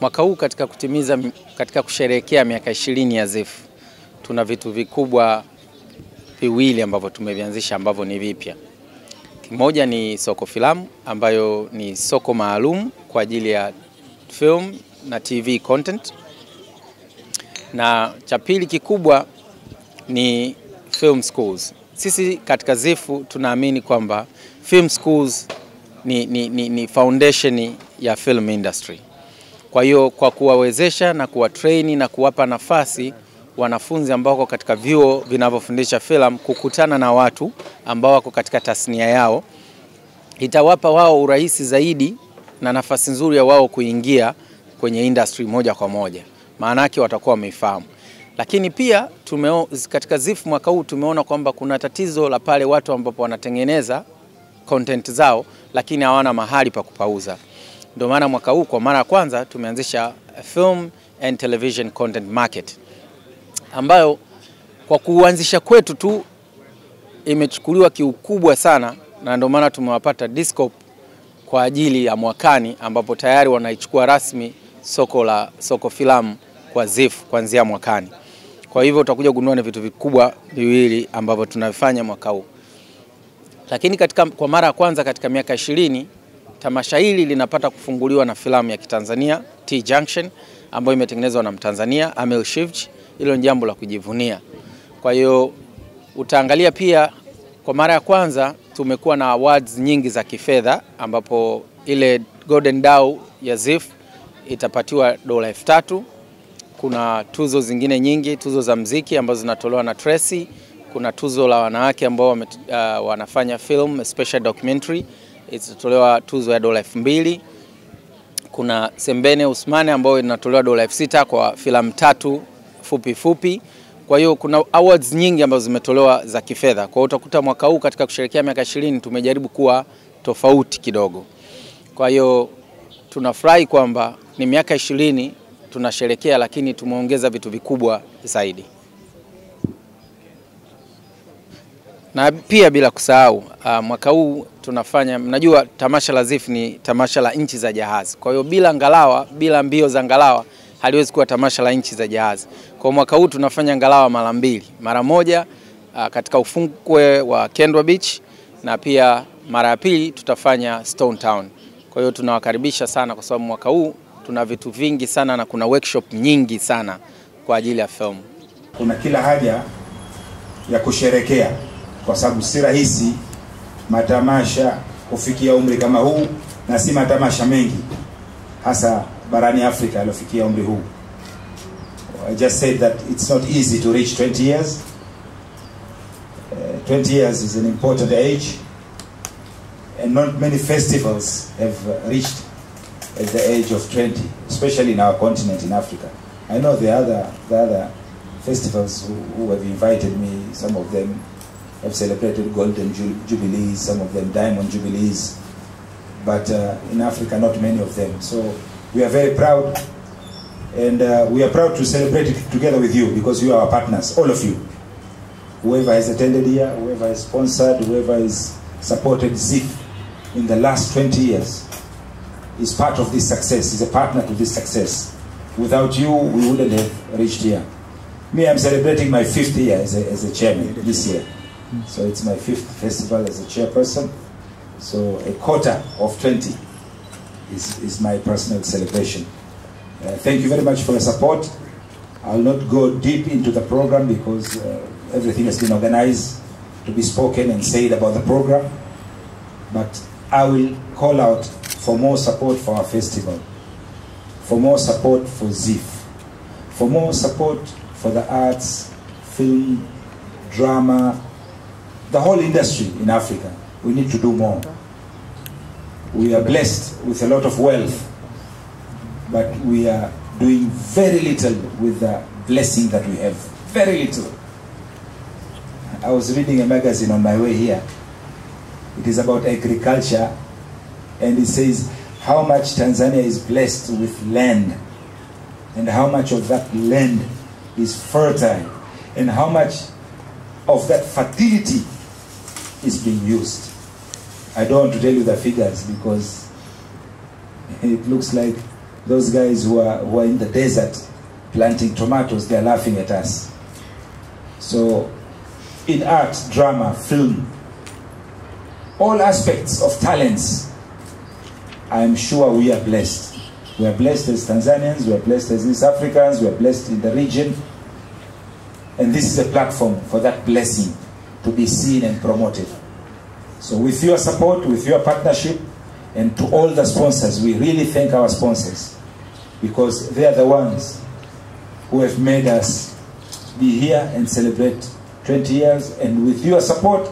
Mwaka huu katika kutimiza katika kusherehekea miaka ishirini ya ZIF tuna vitu vikubwa viwili ambavyo tumevianzisha ambavyo ni vipya. Kimoja ni soko filamu ambayo ni soko maalum kwa ajili ya film na TV content, na cha pili kikubwa ni film schools. Sisi katika ZIFU tunaamini kwamba film schools ni, ni, ni, ni foundation ya film industry kwa hiyo kwa kuwawezesha na kuwatraini na kuwapa nafasi wanafunzi ambao wako katika vyuo vinavyofundisha filamu kukutana na watu ambao wako katika tasnia yao, itawapa wao urahisi zaidi na nafasi nzuri ya wao kuingia kwenye industry moja kwa moja, maana yake watakuwa wameifahamu. Lakini pia tumeo, katika ZIF mwaka huu tumeona kwamba kuna tatizo la pale watu ambapo wanatengeneza content zao lakini hawana mahali pa kupauza. Ndio maana mwaka huu kwa mara ya kwanza tumeanzisha film and television content market ambayo kwa kuanzisha kwetu tu imechukuliwa kiukubwa sana, na ndio maana tumewapata Discop kwa ajili ya mwakani, ambapo tayari wanaichukua rasmi soko la soko filamu kwa ZIF kuanzia mwakani. Kwa hivyo utakuja kugundua ni vitu vikubwa viwili ambavyo tunavifanya mwaka huu, lakini katika, kwa mara ya kwanza katika miaka ishirini Tamasha hili linapata kufunguliwa na filamu ya Kitanzania T Junction ambayo imetengenezwa na Mtanzania Amel Shivji. Hilo ni jambo la kujivunia. Kwa hiyo utaangalia pia kwa mara ya kwanza tumekuwa na awards nyingi za kifedha ambapo ile Golden Dau ya ZIF itapatiwa dola elfu tatu. Kuna tuzo zingine nyingi, tuzo za mziki ambazo zinatolewa na Tracy. Kuna tuzo la wanawake ambao uh, wanafanya film special documentary itatolewa tuzo ya dola elfu mbili. Kuna Sembene Usmane ambayo inatolewa dola elfu sita kwa filamu tatu fupi fupi. Kwa hiyo kuna awards nyingi ambazo zimetolewa za kifedha. Kwa hiyo utakuta mwaka huu katika kusherehekea miaka ishirini tumejaribu kuwa tofauti kidogo. Kwa hiyo tunafurahi kwamba ni miaka ishirini tunasherekea, lakini tumeongeza vitu vikubwa zaidi. na pia bila kusahau uh, mwaka huu tunafanya, mnajua tamasha la ZIF ni tamasha la nchi za jahazi. Kwa hiyo bila ngalawa, bila mbio za ngalawa haliwezi kuwa tamasha la nchi za jahazi. Kwa mwaka huu tunafanya ngalawa mara mbili, mara moja uh, katika ufukwe wa Kendwa Beach na pia mara ya pili tutafanya Stone Town. Kwa hiyo tunawakaribisha sana, kwa sababu mwaka huu tuna vitu vingi sana na kuna workshop nyingi sana kwa ajili ya film. Kuna kila haja ya kusherekea. kwa sababu si rahisi matamasha kufikia umri kama huu na si matamasha mengi hasa barani Afrika umri huu. I just said that it's not easy to reach 20 years. Uh, 20 years is an important age and not many festivals have reached at the age of 20, especially in our continent in Africa. I know the other, the other festivals who, who have invited me, some of them have celebrated golden jubilees, some of them diamond jubilees, but uh, in Africa, not many of them. So we are very proud, and uh, we are proud to celebrate it together with you because you are our partners, all of you. Whoever has attended here, whoever has sponsored, whoever has supported ZIF in the last 20 years is part of this success, is a partner to this success. Without you, we wouldn't have reached here. Me, I'm celebrating my fifth year as a, as a chairman this year. So it's my fifth festival as a chairperson. So a quarter of 20 is, is my personal celebration. Uh, thank you very much for your support. I'll not go deep into the program because uh, everything has been organized to be spoken and said about the program. But I will call out for more support for our festival, for more support for ZIF, for more support for the arts, film, drama, the whole industry in Africa. We need to do more. We are blessed with a lot of wealth, but we are doing very little with the blessing that we have. Very little. I was reading a magazine on my way here. It is about agriculture, and it says how much Tanzania is blessed with land, and how much of that land is fertile, and how much of that fertility is being used. I don't want to tell you the figures because it looks like those guys who are, who are in the desert planting tomatoes, they're laughing at us. So in art, drama, film, all aspects of talents, I am sure we are blessed. We are blessed as Tanzanians, we are blessed as East Africans, we are blessed in the region. And this is a platform for that blessing to be seen and promoted. So with your support, with your partnership, and to all the sponsors, we really thank our sponsors because they are the ones who have made us be here and celebrate 20 years. And with your support,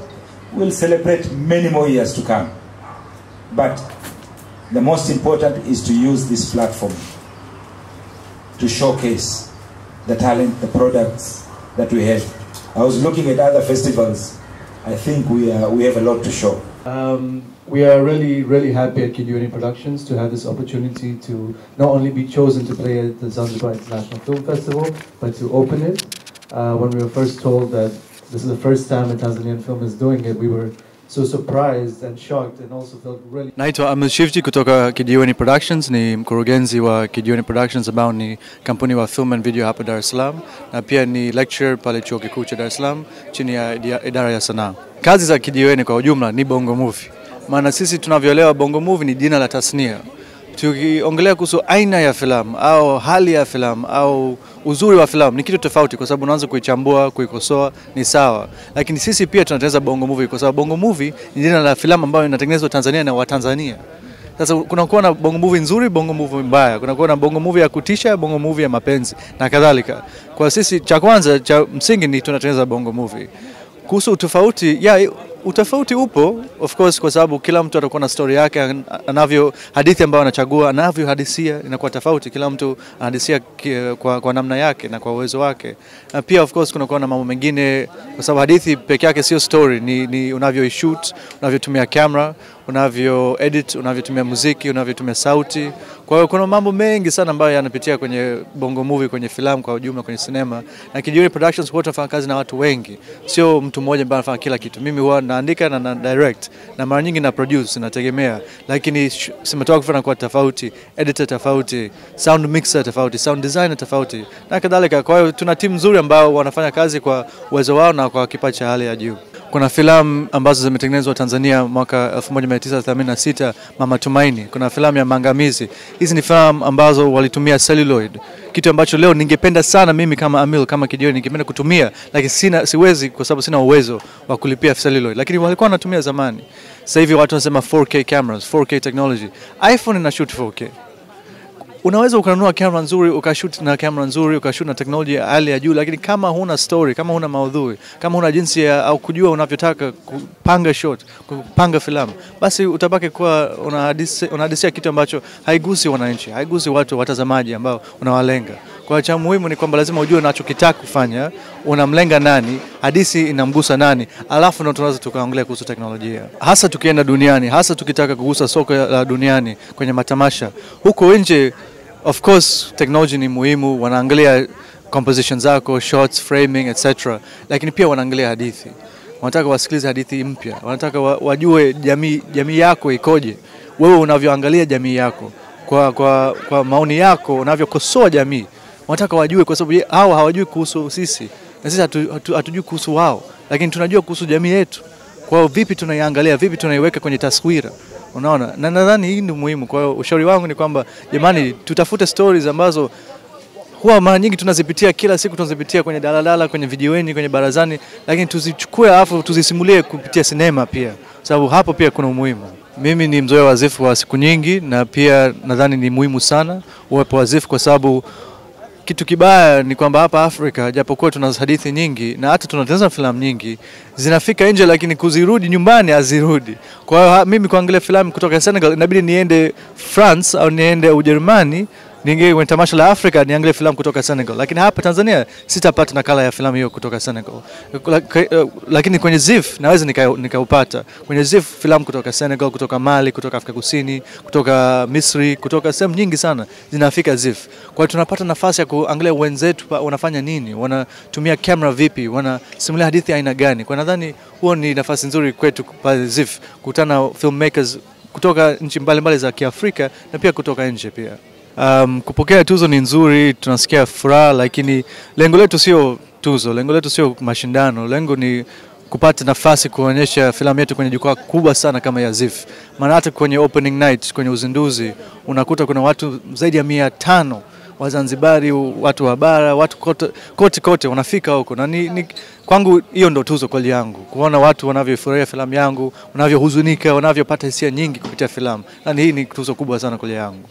we'll celebrate many more years to come. But the most important is to use this platform to showcase the talent, the products that we have I was looking at other festivals. I think we, are, we have a lot to show. Um, we are really, really happy at Kiduni Productions to have this opportunity to not only be chosen to play at the Zanzibar International Film Festival, but to open it. Uh, when we were first told that this is the first time a Tanzanian film is doing it, we were so surprised and shocked and also felt really... Naitwa Ahmed Shivji kutoka Kijiweni Productions, ni mkurugenzi wa Kijiweni Productions ambao ni kampuni wa film and video hapa Dar es Salaam na pia ni lecturer pale Chuo Kikuu cha Dar es Salaam chini ya idara ya sanaa. Kazi za Kijiweni kwa ujumla ni bongo movie, maana sisi tunavyoelewa bongo movie ni jina la tasnia Tukiongelea kuhusu aina ya filamu au hali ya filamu au uzuri wa filamu ni kitu tofauti, kwa sababu unaanza kuichambua, kuikosoa ni sawa, lakini sisi pia tunatengeneza bongo movie, kwa sababu bongo movie ni jina la filamu ambayo inatengenezwa Tanzania na Watanzania. Sasa kunakuwa na bongo movie nzuri, bongo movie mbaya, kunakuwa na bongo movie ya kutisha, bongo movie ya mapenzi na kadhalika. Kwa sisi, cha kwanza cha msingi ni tunatengeneza bongo movie. Kuhusu utofauti, yeah, utofauti upo of course, kwa sababu kila mtu atakuwa na story yake, anavyo hadithi ambayo anachagua, anavyohadisia inakuwa tofauti. Kila mtu anahadisia kwa, kwa namna yake na kwa uwezo wake, na pia of course kunakuwa na mambo mengine, kwa sababu hadithi peke yake sio story, ni, ni shoot, unavyotumia camera, unavyo edit, unavyotumia muziki, unavyotumia sauti kwa hiyo kuna mambo mengi sana ambayo yanapitia kwenye Bongo Movie, kwenye filamu kwa ujumla, kwenye sinema na Kijiweni Productions. Wote tunafanya kazi na watu wengi, sio mtu mmoja ambaye anafanya kila kitu. Mimi huwa naandika na, na direct na mara nyingi na produce, nategemea, lakini cinematographer anakuwa tofauti, editor tofauti, sound mixer tofauti, sound designer tofauti na kadhalika. Kwa hiyo tuna timu nzuri ambao wanafanya kazi kwa uwezo wao na kwa kipaji cha hali ya juu. Kuna filamu ambazo zimetengenezwa Tanzania mwaka 1986 Mama Tumaini, kuna filamu ya Maangamizi. Hizi ni filamu ambazo walitumia celluloid, kitu ambacho leo ningependa sana mimi kama Amil kama kijana ningependa kutumia, lakini sina, siwezi kwa sababu sina uwezo wa kulipia celluloid, lakini walikuwa wanatumia zamani. Sasa hivi watu wanasema 4K cameras, 4K technology. iPhone ina shoot 4K unaweza ukanunua kamera nzuri ukashoot na kamera nzuri ukashoot na teknolojia hali ya juu, lakini kama huna story, kama huna maudhui, kama huna jinsi ya au kujua unavyotaka kupanga shot, kupanga filamu, basi utabaki kuwa unahadisia unahadisi kitu ambacho haigusi wananchi, haigusi watu watazamaji ambao unawalenga. Kwa cha muhimu ni kwamba lazima ujue unachokitaka kufanya, unamlenga nani, hadisi inamgusa nani, alafu ndo tunaweza tukaongelea kuhusu teknolojia, hasa tukienda duniani, hasa tukitaka kugusa soko la duniani kwenye matamasha huko nje. Of course technology ni muhimu, wanaangalia composition zako, shots, framing etc, lakini pia wanaangalia hadithi. Wanataka wasikilize hadithi mpya, wanataka wajue jamii, jamii yako ikoje, wewe unavyoangalia jamii yako kwa, kwa, kwa maoni yako unavyokosoa jamii, wanataka wajue, kwa sababu hao hawajui kuhusu sisi na sisi hatu, hatu, hatujui kuhusu wao, lakini tunajua kuhusu jamii yetu. Kwa vipi tunaiangalia, vipi tunaiweka kwenye taswira unaona, na nadhani hii ni muhimu. Kwa hiyo ushauri wangu ni kwamba jamani, tutafute stories ambazo huwa mara nyingi tunazipitia kila siku, tunazipitia kwenye daladala, kwenye vijiweni, kwenye barazani, lakini tuzichukue alafu tuzisimulie kupitia sinema pia, sababu hapo pia kuna umuhimu. Mimi ni wa wazifu wa siku nyingi, na pia nadhani ni muhimu sana uwepo wazifu kwa sababu kitu kibaya ni kwamba hapa Afrika, japokuwa tuna hadithi nyingi na hata tunatengeneza filamu nyingi, zinafika nje, lakini kuzirudi nyumbani hazirudi. Kwa hiyo mimi kuangalia filamu kutoka Senegal inabidi niende France au niende Ujerumani ningi kwenye tamasha la Afrika niangalie filamu kutoka Senegal, lakini hapa Tanzania sitapata nakala ya filamu hiyo kutoka Senegal. Eh, lakini kwenye ZIF naweza nikaupata nika kwenye ZIF filamu kutoka Senegal, kutoka Mali, kutoka Afrika Kusini, kutoka Misri, kutoka sehemu nyingi sana zinafika ZIF. Kwa hiyo tunapata nafasi ya kuangalia wenzetu wanafanya nini, wanatumia kamera vipi, wanasimulia hadithi aina gani. Kwa nadhani huo ni nafasi nzuri kwetu pale ZIF kukutana filmmakers kutoka nchi mbalimbali za Kiafrika na pia kutoka nje pia um, kupokea tuzo ni nzuri, tunasikia furaha, lakini lengo letu sio tuzo, lengo letu sio mashindano, lengo ni kupata nafasi kuonyesha filamu yetu kwenye jukwaa kubwa sana kama ya ZIFF. Maana hata kwenye opening night, kwenye uzinduzi, unakuta kuna watu zaidi ya mia tano Wazanzibari, watu wa bara, watu kote kote, kote wanafika huko na ni, ni, kwangu hiyo ndo tuzo kweli yangu, kuona watu wanavyofurahia filamu yangu, wanavyohuzunika, wanavyopata hisia nyingi kupitia filamu, na hii ni tuzo kubwa sana kweli yangu.